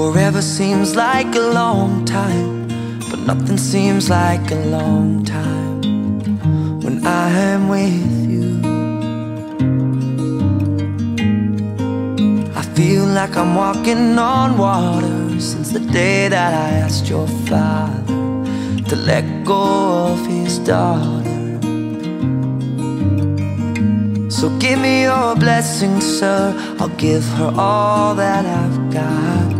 Forever seems like a long time But nothing seems like a long time When I am with you I feel like I'm walking on water Since the day that I asked your father To let go of his daughter So give me your blessing, sir I'll give her all that I've got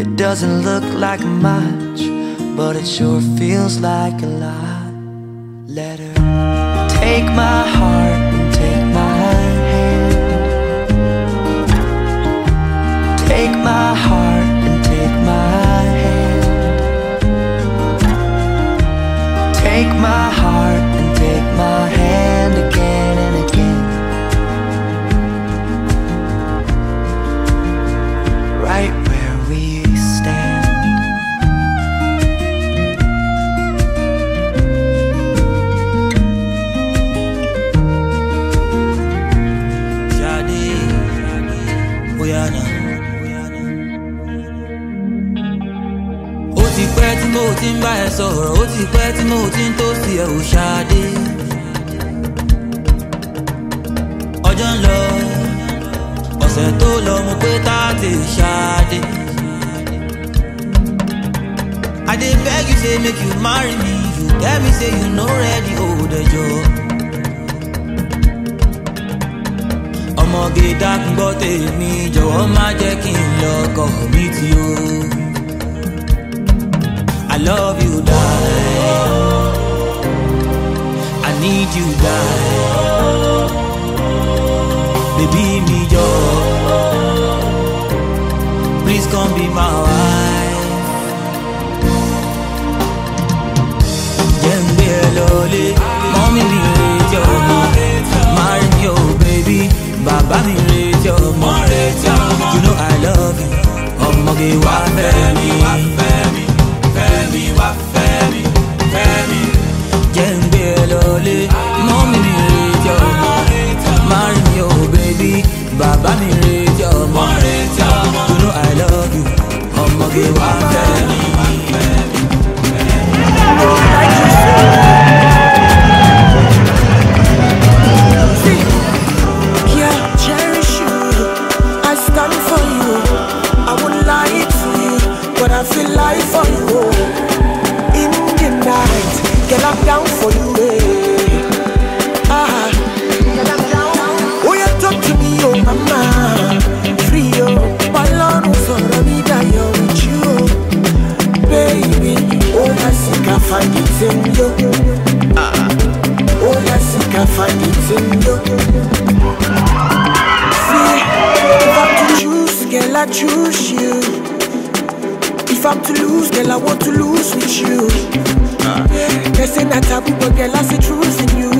it doesn't look like much, but it sure feels like a lot. Let her take my heart and take my hand. Take my heart and take my hand. Take my heart. Rihanna. Ó ti pẹ́ tí mo ti ń bá ẹ sọ̀rọ̀, ó ti pẹ́ tí mo ti ń tó sí ẹ ò Ọjọ́ ń lọ, ọ̀sẹ̀ tó lọ mo pé tá a ti ṣáadé. I dey beg you say make you marry me, you tell me say you no ready, oh dẹjọ́. ọmọge dákúngbọ́ tèmi jọ̀wọ́ má jẹ́ kí n lọ́kọ mi ti o. I love you die. I need you die. baby mi jọ, please come be my wife. dé wá fẹ́ mi. Oh, see, if I'm to choose, girl, I choose you If I'm to lose, girl, I want to lose with you They say I taboo, but girl, I see truth in you